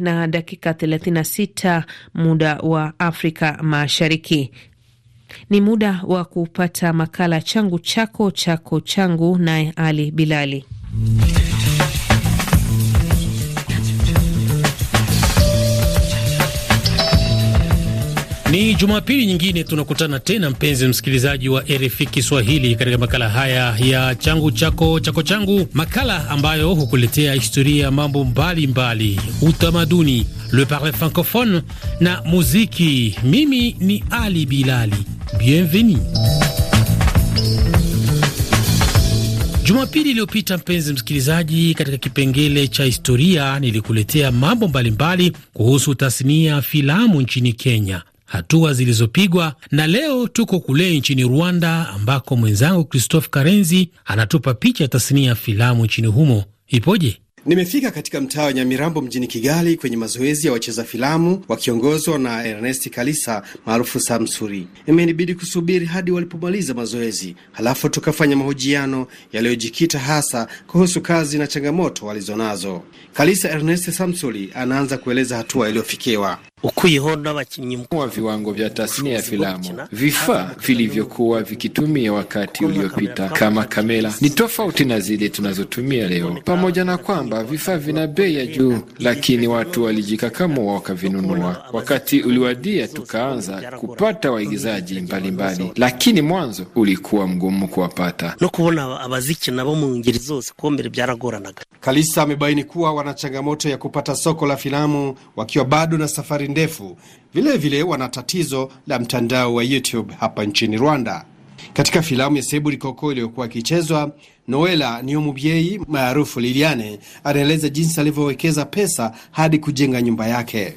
na dakika 36 muda wa Afrika Mashariki. Ni muda wa kupata makala changu chako chako changu, naye Ali Bilali. Ni Jumapili nyingine tunakutana tena, mpenzi msikilizaji wa RFI Kiswahili, katika makala haya ya changu chako chako changu, makala ambayo hukuletea historia ya mambo mbalimbali, utamaduni, le parle francophone na muziki. Mimi ni Ali Bilali, bienveni. Jumapili iliyopita mpenzi msikilizaji, katika kipengele cha historia nilikuletea mambo mbalimbali mbali kuhusu tasnia ya filamu nchini Kenya, hatua zilizopigwa, na leo tuko kule nchini Rwanda ambako mwenzangu Christophe Karenzi anatupa picha ya tasnia ya filamu nchini humo ipoje. Nimefika katika mtaa wa Nyamirambo mjini Kigali kwenye mazoezi ya wacheza filamu wakiongozwa na Ernest Kalisa maarufu Samsuri. Imenibidi kusubiri hadi walipomaliza mazoezi, halafu tukafanya mahojiano yaliyojikita hasa kuhusu kazi na changamoto walizonazo. Kalisa Ernest Samsuri anaanza kueleza hatua iliyofikiwa ukuyeho wa viwango vya tasnia ya filamu. Vifaa vilivyokuwa vikitumia wakati uliopita kama kamera ni tofauti na zile tunazotumia leo, pamoja na kwamba vifaa vina bei ya juu, lakini watu walijikakamua wakavinunua. Wakati uliwadia, tukaanza kupata waigizaji mbalimbali, lakini mwanzo ulikuwa mgumu kuwapata no kubona abazikina bo mu ngeri zose kumbere byaragoranaga. Kalisa amebaini kuwa wana changamoto ya kupata soko la filamu wakiwa bado na safari safari ndefu. Vilevile wana tatizo la mtandao wa YouTube hapa nchini Rwanda. Katika filamu ya Seburikoko iliyokuwa ikichezwa Noela niyo mubyeyi maarufu Liliane anaeleza jinsi alivyowekeza pesa hadi kujenga nyumba yake.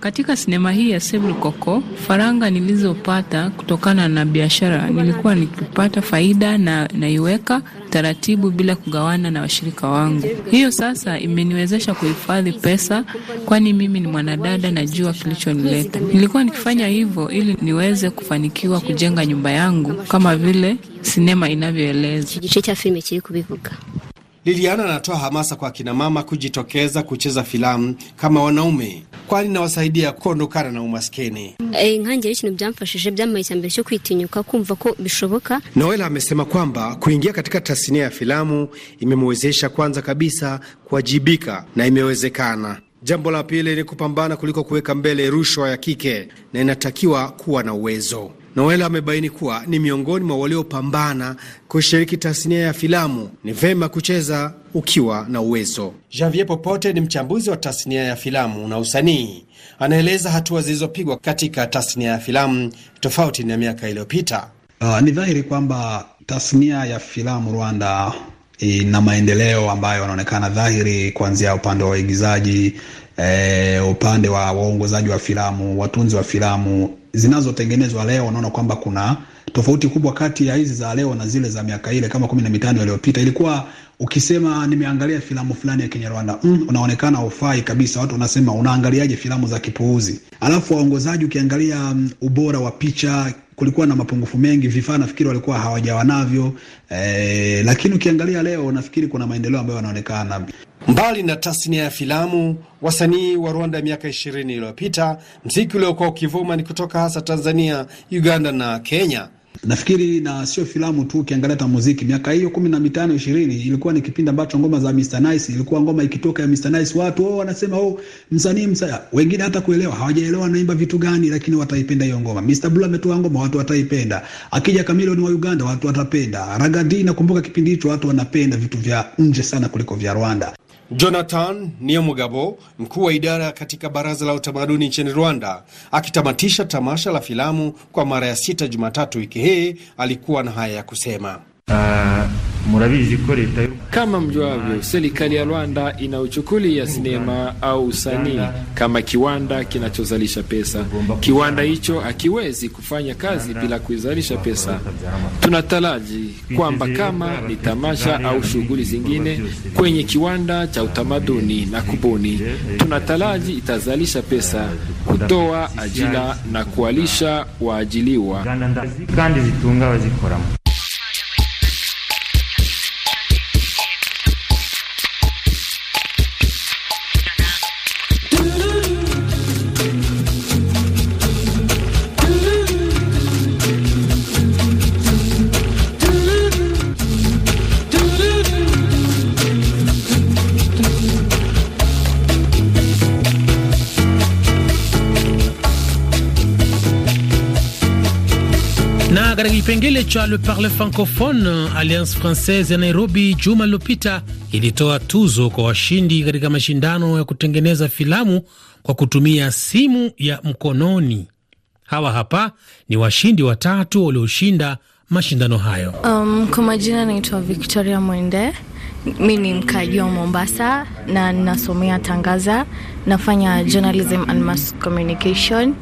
Katika sinema hii ya Sebru Koko, faranga nilizopata kutokana na biashara nilikuwa nikipata faida na naiweka taratibu bila kugawana na washirika wangu. Hiyo sasa imeniwezesha kuhifadhi pesa, kwani mimi ni mwanadada, najua kilichonileta. Nilikuwa nikifanya hivyo ili niweze kufanikiwa kujenga nyumba yangu kama vile sinema inavyoeleza. Igice cha filime kiri kubivuga. Liliana anatoa hamasa kwa kinamama kujitokeza kucheza filamu kama wanaume, kwani nawasaidia kuondokana na umaskini. ari ikintu byamfashije byamaye mbere cyo kwitinyuka kumva ko bishoboka. Noela amesema kwamba kuingia katika tasnia ya filamu imemwezesha kwanza kabisa kuwajibika na imewezekana. Jambo la pili ni kupambana kuliko kuweka mbele rushwa ya kike, na inatakiwa kuwa na uwezo Noel amebaini kuwa ni miongoni mwa waliopambana kushiriki tasnia ya filamu. Ni vema kucheza ukiwa na uwezo. Janvier Popote ni mchambuzi wa tasnia ya filamu na usanii, anaeleza hatua zilizopigwa katika tasnia ya filamu tofauti na miaka iliyopita. Uh, ni dhahiri kwamba tasnia ya filamu Rwanda ina maendeleo ambayo yanaonekana dhahiri, kuanzia upande wa waigizaji, e, upande wa waongozaji wa filamu, watunzi wa filamu zinazotengenezwa leo, unaona kwamba kuna tofauti kubwa kati ya hizi za leo na zile za miaka ile kama kumi na mitano iliyopita. Ilikuwa ukisema nimeangalia filamu fulani ya Kinyarwanda mm, unaonekana ufai kabisa. Watu wanasema unaangaliaje filamu za kipuuzi? Alafu waongozaji ukiangalia um, ubora wa picha kulikuwa na mapungufu mengi, vifaa nafikiri walikuwa hawajawa navyo eh, lakini ukiangalia leo nafikiri kuna maendeleo ambayo yanaonekana. Mbali na tasnia ya filamu, wasanii wa Rwanda miaka ishirini iliyopita, mziki uliokuwa ukivuma ni kutoka hasa Tanzania, Uganda na Kenya. Nafikiri na sio filamu tu, ukiangalia hata muziki miaka hiyo kumi na mitano ishirini ilikuwa ni kipindi ambacho ngoma za Mr Nice, ilikuwa ngoma ikitoka ya Mr Nice watu oh, wanasema oh, msanii msa, wengine hata kuelewa hawajaelewa anaimba vitu gani, lakini wataipenda hiyo ngoma. Mr Blue ametoa ngoma, watu wataipenda. Akija Chameleone wa Uganda, watu watapenda. Ragadi, nakumbuka kipindi hicho watu wanapenda vitu vya nje sana kuliko vya Rwanda. Jonathan Niyomugabo, mkuu wa idara katika baraza la utamaduni nchini Rwanda, akitamatisha tamasha la filamu kwa mara ya sita Jumatatu wiki hii, alikuwa na haya ya kusema murabizi ko leta kama mjuavyo, serikali ya Rwanda ina uchukuli ya sinema au usanii kama kiwanda kinachozalisha pesa. Kiwanda hicho hakiwezi kufanya kazi bila kuizalisha pesa. Tunataraji kwamba kama ni tamasha au shughuli zingine kwenye kiwanda cha utamaduni na kubuni, tunataraji itazalisha pesa, kutoa ajira na kualisha waajiliwa kandi zitunga wazikoramo katika kipengele cha Le Parle Francophone, Alliance Francaise ya Nairobi juma lililopita ilitoa tuzo kwa washindi katika mashindano ya kutengeneza filamu kwa kutumia simu ya mkononi. Hawa hapa ni washindi watatu walioshinda mashindano hayo. Um, kwa majina naitwa Victoria Mwende. Mi ni mkaaji wa Mombasa na ninasomea tangaza, nafanya journalism and mass communication,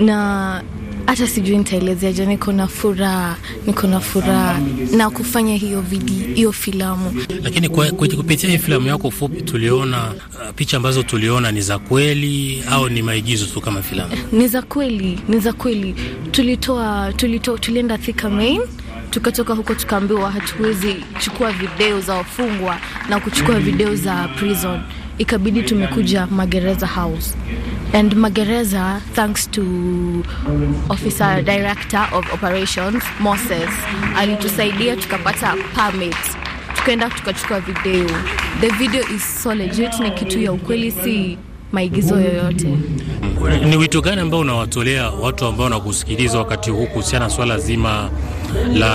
na hata sijui nitaelezeaje. Niko na furaha, niko na furaha na kufanya hiyo vidi, hiyo filamu. Lakini kwa, kwa kupitia hii filamu yako fupi tuliona uh, picha ambazo tuliona ni za kweli au ni maigizo tu kama filamu? Ni za kweli, ni za kweli. Tulitoa, tulitoa, tulienda Thika Main tukatoka huko tukaambiwa hatuwezi chukua video za wafungwa na kuchukua video za prison ikabidi tumekuja Magereza House and Magereza, thanks to officer director of operations Moses alitusaidia tukapata permit, tukaenda tukachukua video. The video is so legit, ni kitu ya ukweli, si maigizo yoyote. Ni wito gani ambao unawatolea watu ambao wanakusikiliza wakati huu kuhusiana na swala zima la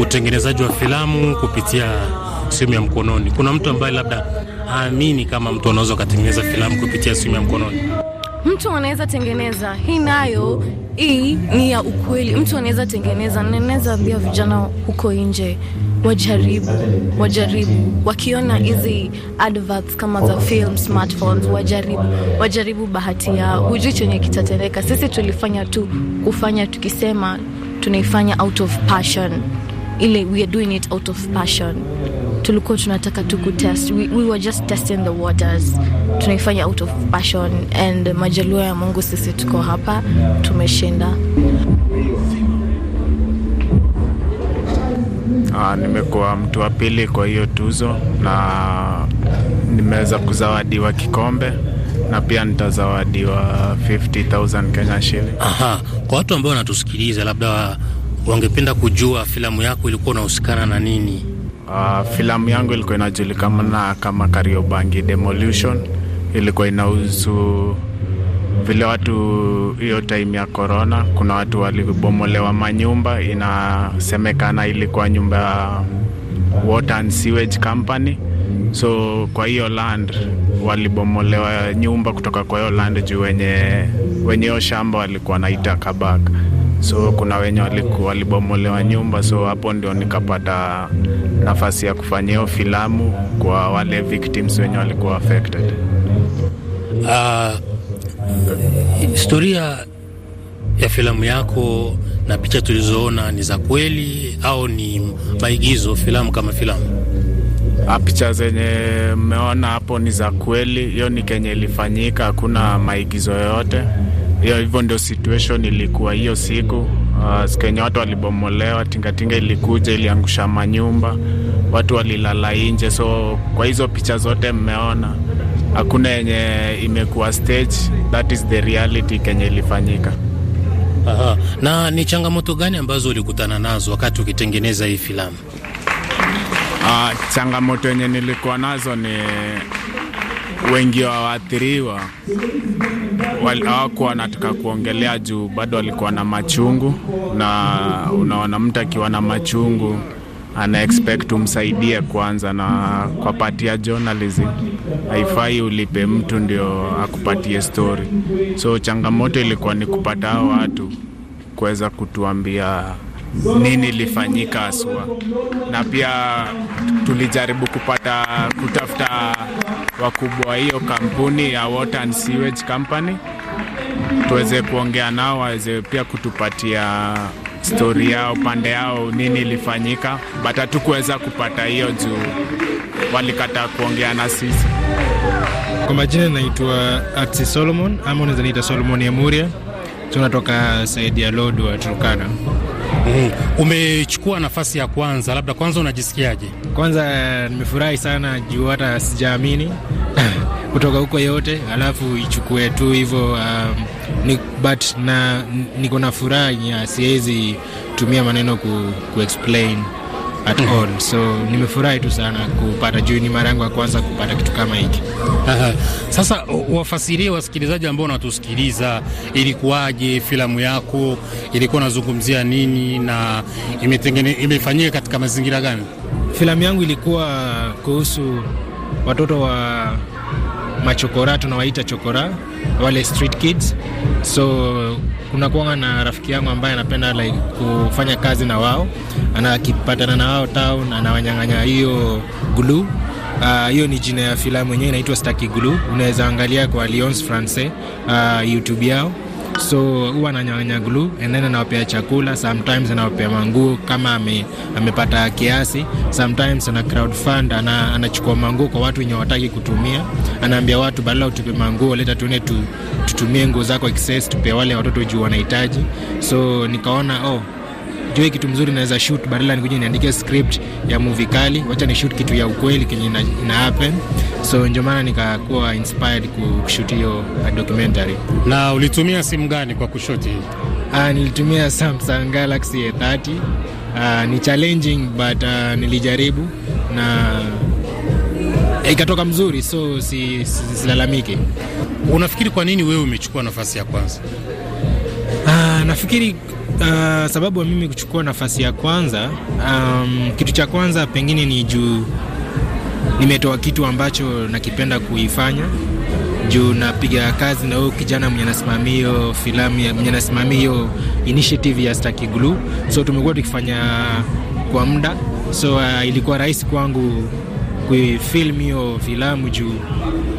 utengenezaji wa filamu kupitia simu ya mkononi? Kuna mtu ambaye labda haamini kama mtu anaweza ukatengeneza filamu kupitia simu ya mkononi. Mtu anaweza tengeneza hii, nayo hii ni ya ukweli. Mtu anaweza tengeneza, naweza ambia vijana huko nje wajaribu, wajaribu, wakiona hizi adverts kama za film smartphones, wajaribu, wajaribu bahati yao. Hujui chenye kitatendeka. Sisi tulifanya tu kufanya, tukisema tunaifanya out of passion, ile we are doing it out of passion tulikuwa tunataka tu kutest we, we were just testing the waters tunaifanya out of passion and majaluo ya mungu sisi tuko hapa tumeshinda Aa, ah, nimekuwa mtu wa pili kwa hiyo tuzo na nimeweza kuzawadiwa kikombe na pia nitazawadiwa 50000 Kenya shilling. Aha, kwa watu ambao wanatusikiliza labda wangependa kujua filamu yako ilikuwa unahusikana na nini? Uh, filamu yangu ilikuwa inajulikana kama Kariobangi Demolution, Ilikuwa inahusu vile watu hiyo time ya corona, kuna watu walibomolewa manyumba. Inasemekana ilikuwa nyumba ya Water and Sewage Company, so kwa hiyo land walibomolewa nyumba kutoka kwa hiyo land juu wenye wenye hiyo shamba walikuwa naita kabaka so kuna wenye walibomolewa nyumba, so hapo ndio nikapata nafasi ya kufanya hiyo filamu kwa wale victims wenye walikuwa affected. Uh, historia ya filamu yako na picha tulizoona ni za kweli au ni maigizo, filamu kama filamu? Ah, picha zenye mmeona hapo ni za kweli, hiyo ni kenye ilifanyika, hakuna maigizo yoyote hiyo hivyo ndio situation ilikuwa hiyo siku. Uh, siku yenye watu walibomolewa, tingatinga ilikuja iliangusha manyumba, watu walilala nje. So kwa hizo picha zote mmeona, hakuna yenye imekuwa stage. That is the reality kenye ilifanyika. Aha. Na ni changamoto gani ambazo ulikutana nazo wakati ukitengeneza hii filamu? Uh, changamoto yenye nilikuwa nazo ni wengi wa waathiriwa hawakuwa wanataka kuongelea juu bado walikuwa na machungu, na unaona mtu akiwa na machungu ana expect umsaidie kwanza, na kwa pati journalism haifai ulipe mtu ndio akupatie story. So changamoto ilikuwa ni kupata hao watu kuweza kutuambia nini lifanyika haswa, na pia tulijaribu kupata kutafuta wakubwa wa hiyo kampuni ya Water and Sewage Company tuweze kuongea nao, waweze pia kutupatia stori yao pande yao nini ilifanyika, but hatukuweza kupata hiyo juu walikataa kuongea na sisi. Kwa majina naitwa Atsi Solomon ama unaweza niita Solomon Yamuria, tunatoka Saidi ya Lodwa, Turkana. Mm. Umechukua nafasi ya kwanza, labda kwanza unajisikiaje? Kwanza eh, nimefurahi sana juu hata sijaamini kutoka huko yote, alafu ichukue tu hivyo um, ni, but na niko na furaha, siwezi tumia maneno ku, ku explain at mm. all. So nimefurahi tu sana kupata juu ni mara yangu ya kwanza kupata kitu kama hiki. Sasa wafasirie wasikilizaji ambao wanatusikiliza, ilikuwaje filamu yako? Ilikuwa unazungumzia nini na imetengene, imefanyika katika mazingira gani? Filamu yangu ilikuwa kuhusu watoto wa machokora tunawaita chokora wale street kids. So kuna kuanga na rafiki yangu ambaye anapenda like kufanya kazi na wao, anakipatana na wao town anawanyang'anya hiyo glue. Ah, hiyo uh, ni jina ya filamu yenyewe inaitwa Staki Glue. Unaweza angalia kwa Alliance Francaise uh, YouTube yao so huwa ananyang'anya glue and then anawapea chakula, sometimes anawapea manguo kama ame, amepata kiasi, sometimes ana crowdfund, ana, anachukua manguo kwa watu wenye wataki kutumia, anaambia watu badala utupe manguo, leta tuende tu, tutumie nguo zako excess, tupea wale watoto juu wanahitaji. So nikaona oh Jue kitu mzuri naweza shoot badala nikuja niandike script ya movie kali, wacha ni shoot kitu ya ukweli kenye ina, ina happen. So ndio maana nikakuwa inspired kushoot hiyo uh, documentary. Na ulitumia simu gani kwa kushoot hii? Ah, nilitumia Samsung Galaxy A30. Ah, ni challenging but uh, nilijaribu na ikatoka mzuri, so si, si, silalamike. Unafikiri kwa nini wewe umechukua nafasi ya kwanza? Ah, nafikiri Uh, sababu ya mimi kuchukua nafasi ya kwanza, um, kitu cha kwanza pengine ni juu nimetoa kitu ambacho nakipenda kuifanya juu napiga kazi na huyo kijana mwenye anasimamia hiyo filamu, mwenye anasimamia hiyo initiative ya Staki Glue, so tumekuwa tukifanya kwa muda, so uh, ilikuwa rahisi kwangu kuifilm hiyo filamu juu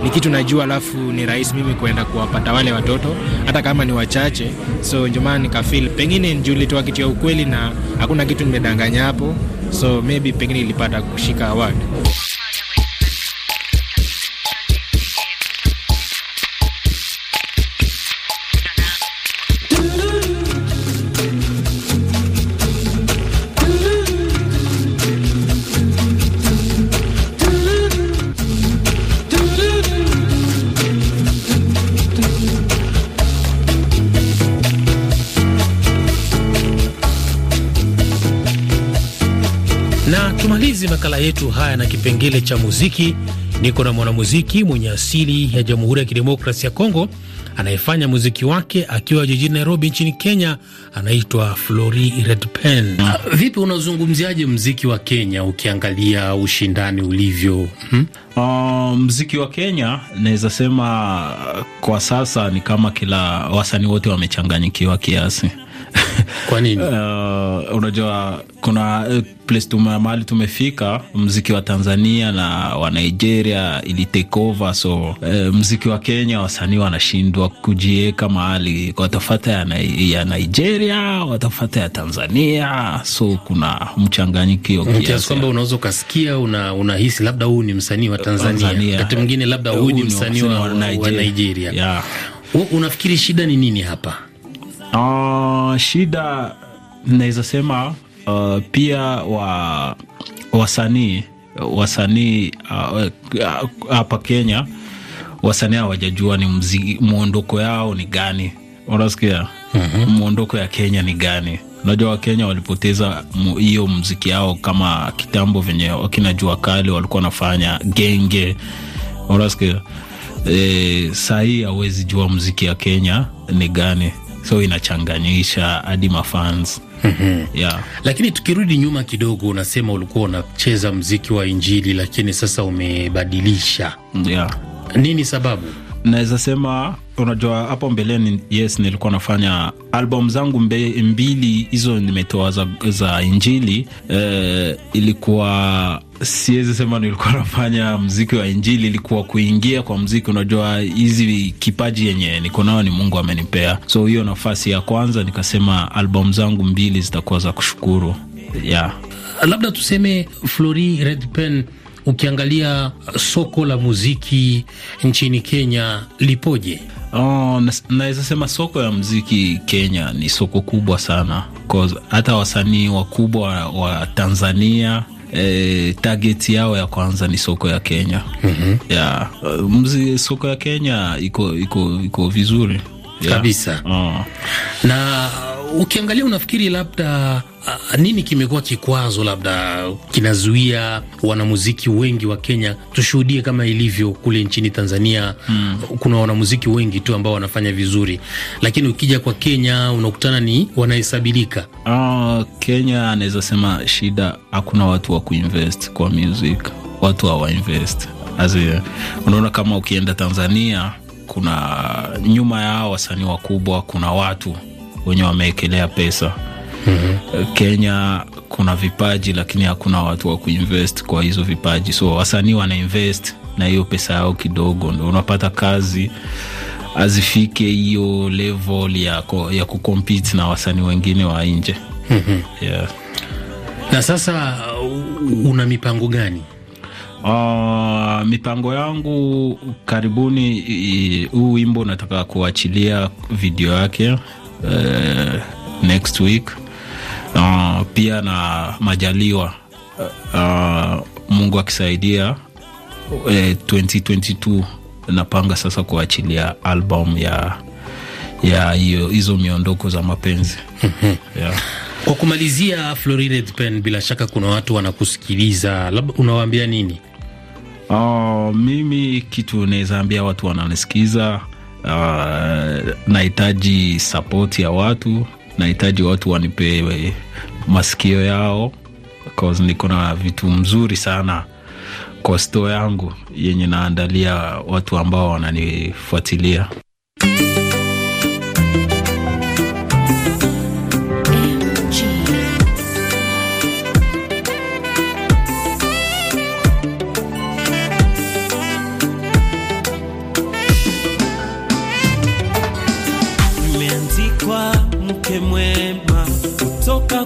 ni kitu najua, alafu ni rahisi mimi kuenda kuwapata wale watoto hata kama ni wachache. So ndio maana nikafeel pengine nilitoa kitu ya ukweli na hakuna kitu nimedanganya hapo, so maybe pengine ilipata kushika award. yetu haya na kipengele cha muziki. Niko na mwanamuziki mwenye asili ya Jamhuri ya Kidemokrasi ya Kongo anayefanya muziki wake akiwa jijini Nairobi nchini Kenya, anaitwa Flori Redpen. Ah, vipi, unazungumziaje mziki wa Kenya ukiangalia ushindani ulivyo? hmm? Uh, ah, mziki wa Kenya naweza sema kwa sasa ni kama kila wasanii wote wamechanganyikiwa kiasi Kwa nini? Uh, unajua kuna uh, place tume, mahali tumefika mziki wa Tanzania na wa Nigeria ili take over, so uh, mziki wa Kenya wasanii wanashindwa kujieka mahali kwa tofauti ya, ya Nigeria watafata ya Tanzania, so kuna mchanganyiko kiasi kwamba unaweza ukasikia unahisi una labda huu ni msanii wa Tanzania, wakati mwingine labda huu ni msanii wa, wa Nigeria, wa Nigeria. Yeah. Unafikiri shida ni nini hapa? Uh, shida naweza sema uh, pia wa wasanii wasanii hapa uh, uh, Kenya wasanii hawajajua ni mwondoko yao ni gani, unasikia -hmm. ya Kenya ni gani? Unajua Wakenya walipoteza hiyo mziki yao, kama kitambo venye wakina jua kali walikuwa wanafanya genge, unasikia e, sahii hawezi jua mziki ya Kenya ni gani so inachanganyisha hadi mafans mm -hmm. yeah. Lakini tukirudi nyuma kidogo, unasema ulikuwa unacheza mziki wa Injili, lakini sasa umebadilisha yeah. Nini sababu? naweza sema unajua, hapo mbeleni, yes, nilikuwa nafanya albam zangu mbe, mbili hizo nimetoa za, za Injili eh, ilikuwa siwezi sema nilikuwa nafanya mziki wa Injili, ilikuwa kuingia kwa mziki. Unajua, hizi kipaji yenye niko nao ni Mungu amenipea, so hiyo nafasi ya kwanza nikasema albamu zangu mbili zitakuwa za kushukuru yeah. Labda tuseme Flori Redpen Ukiangalia soko la muziki nchini Kenya lipoje? Oh, naweza sema soko ya muziki Kenya ni soko kubwa sana, cause hata wasanii wakubwa wa Tanzania E, target yao ya kwanza ni soko ya Kenya. mm -hmm. Yeah. Mzi, soko ya Kenya iko iko iko vizuri yeah. Kabisa. Oh. Na ukiangalia unafikiri labda Uh, nini kimekuwa kikwazo labda kinazuia wanamuziki wengi wa Kenya tushuhudie kama ilivyo kule nchini Tanzania? Mm. Kuna wanamuziki wengi tu ambao wanafanya vizuri, lakini ukija kwa Kenya unakutana ni wanahesabilika. Uh, Kenya anaweza sema shida, hakuna watu wa kuinvest kwa music, watu hawainvest. Unaona kama ukienda Tanzania kuna nyuma ya wasanii wakubwa kuna watu wenye wameekelea pesa mm -hmm. Kenya kuna vipaji lakini hakuna watu wa kuinvest kwa hizo vipaji, so wasanii wanainvest na hiyo pesa yao kidogo, ndo unapata kazi azifike hiyo level ya, ya kukompete na wasanii wengine wa nje mm -hmm. yeah. Na sasa una mipango gani? Uh, mipango yangu karibuni, huu wimbo nataka kuachilia video yake Uh, next week uh, pia na majaliwa uh, uh Mungu akisaidia uh, 2022 napanga sasa kuachilia album ya ya hiyo hizo miondoko za mapenzi yeah. Kwa kumalizia, Florine Pen, bila shaka kuna watu wanakusikiliza, labda unawaambia nini? Uh, mimi kitu naweza ambia watu wananisikiza uh, nahitaji sapoti ya watu, nahitaji watu wanipewe masikio yao cause niko na vitu mzuri sana kwa sto yangu yenye naandalia watu ambao wananifuatilia.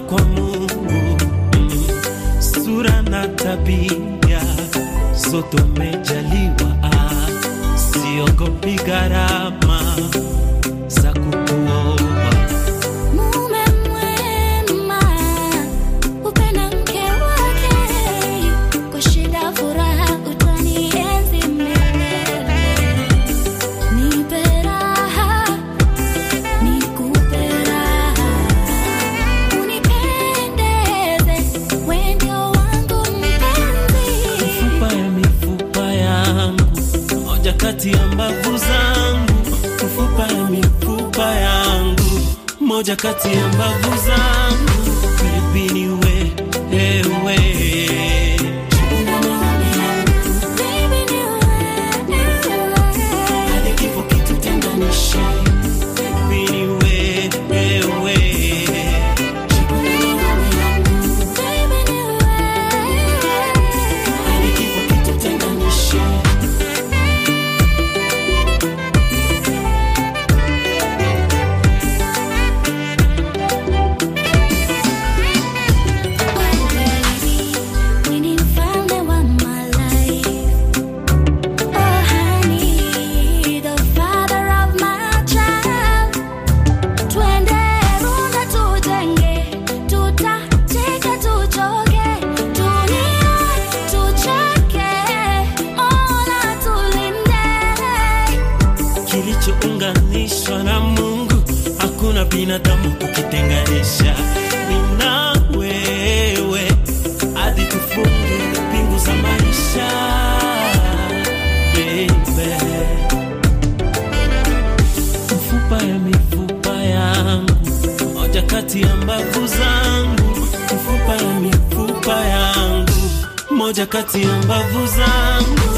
kutoka kwa Mungu, sura na tabia zote umejaliwa, siogopi gharama kati ya mbavu zangu kilichounganishwa na Mungu hakuna binadamu kukitenganisha. Nina wewe hadi tufunge pingu za maisha baby, mfupa ya mifupa yangu, moja kati ya mbavu zangu, mfupa ya mifupa yangu, moja kati ya mbavu zangu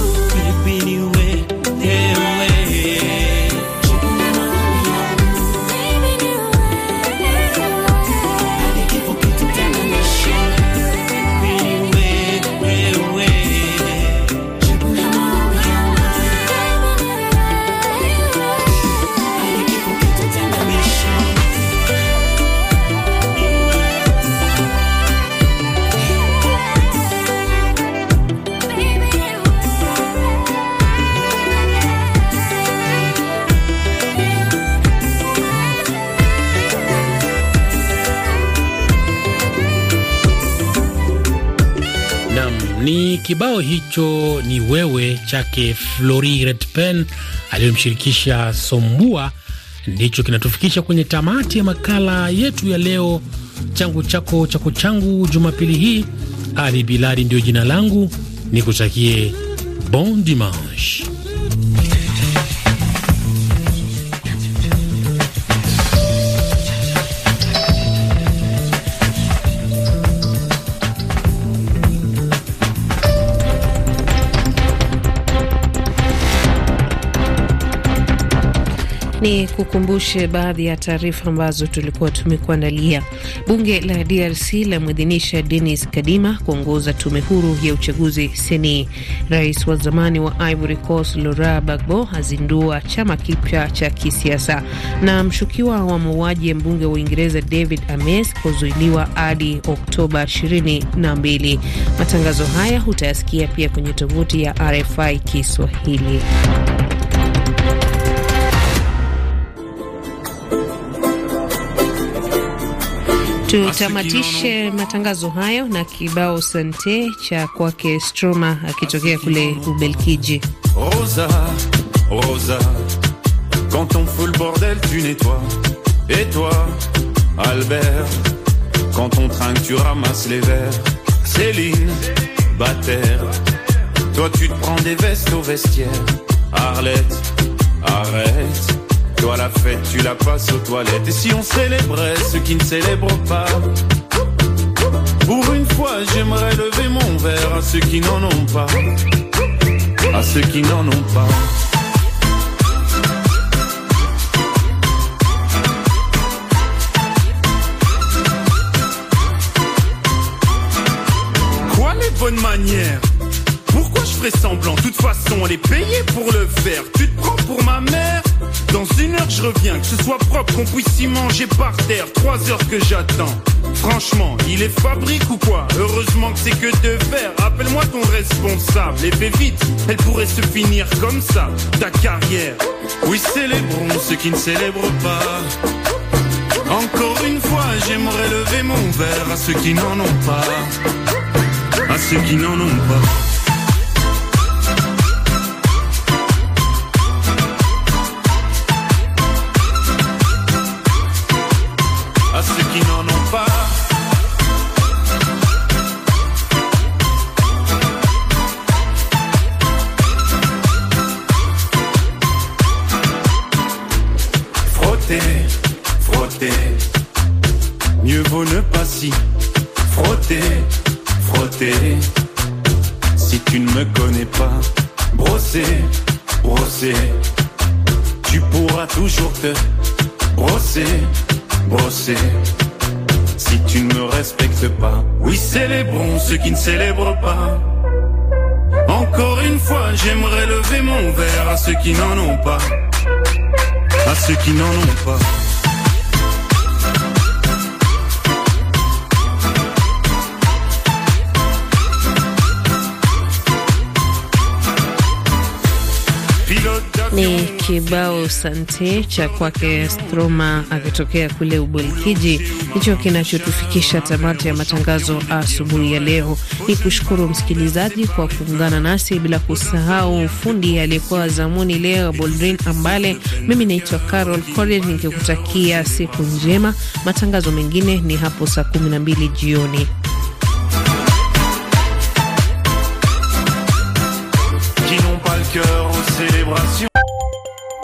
Kibao hicho ni wewe chake Flori Redpen aliyomshirikisha Sombua ndicho kinatufikisha kwenye tamati ya makala yetu ya leo, changu chako chako changu. Jumapili hii Ali Bilali ndio jina langu, nikutakie bon dimanche. ni kukumbushe baadhi ya taarifa ambazo tulikuwa tumekuandalia. Bunge la DRC lamwidhinisha Denis Kadima kuongoza tume huru ya uchaguzi seni. Rais wa zamani wa Ivory Coast Laurent Gbagbo azindua chama kipya cha kisiasa, na mshukiwa wa mauaji ya mbunge wa Uingereza David ames kuzuiliwa hadi Oktoba 22. Matangazo haya utayasikia pia kwenye tovuti ya RFI Kiswahili. Tutamatishe matangazo hayo na kibao sante cha kwake Stroma akitokea kule Ubelkiji Rosa, Rosa, quand on fout le bordel tu nettoies. Et toi, Albert, quand on trinque tu ramasses les verres. Céline, Bater toi tu te prends des vestes au vestiaire. Arlette, arrête toi la fête, tu la passes aux toilettes. Et si on célébrait ceux qui ne célèbrent pas Pour une fois, j'aimerais lever mon verre à ceux qui n'en ont pas. À ceux qui n'en ont pas. Quoi les bonnes manières pourquoi je ferais semblant De toute façon, on est payé pour le faire. Tu te prends pour ma mère dans une heure je reviens, que ce soit propre, qu'on puisse y manger par terre. Trois heures que j'attends. Franchement, il est fabrique ou quoi Heureusement que c'est que de verres, Appelle-moi ton responsable et fais vite. Elle pourrait se finir comme ça, ta carrière. Oui, célébrons ceux qui ne célèbrent pas. Encore une fois, j'aimerais lever mon verre à ceux qui n'en ont pas. À ceux qui n'en ont pas. célèbre pas. Encore une fois, j'aimerais lever mon verre à ceux qui n'en ont pas. À ceux qui n'en ont pas. Ni kibao sante cha kwake Stroma akitokea kule ubelkiji Hicho kinachotufikisha tamati ya matangazo asubuhi ya leo. Ni kushukuru msikilizaji kwa kuungana nasi, bila kusahau fundi aliyekuwa zamuni leo Boldrin Ambale. Mimi naitwa Carol Core, nikikutakia siku njema. Matangazo mengine ni hapo saa 12 jioni.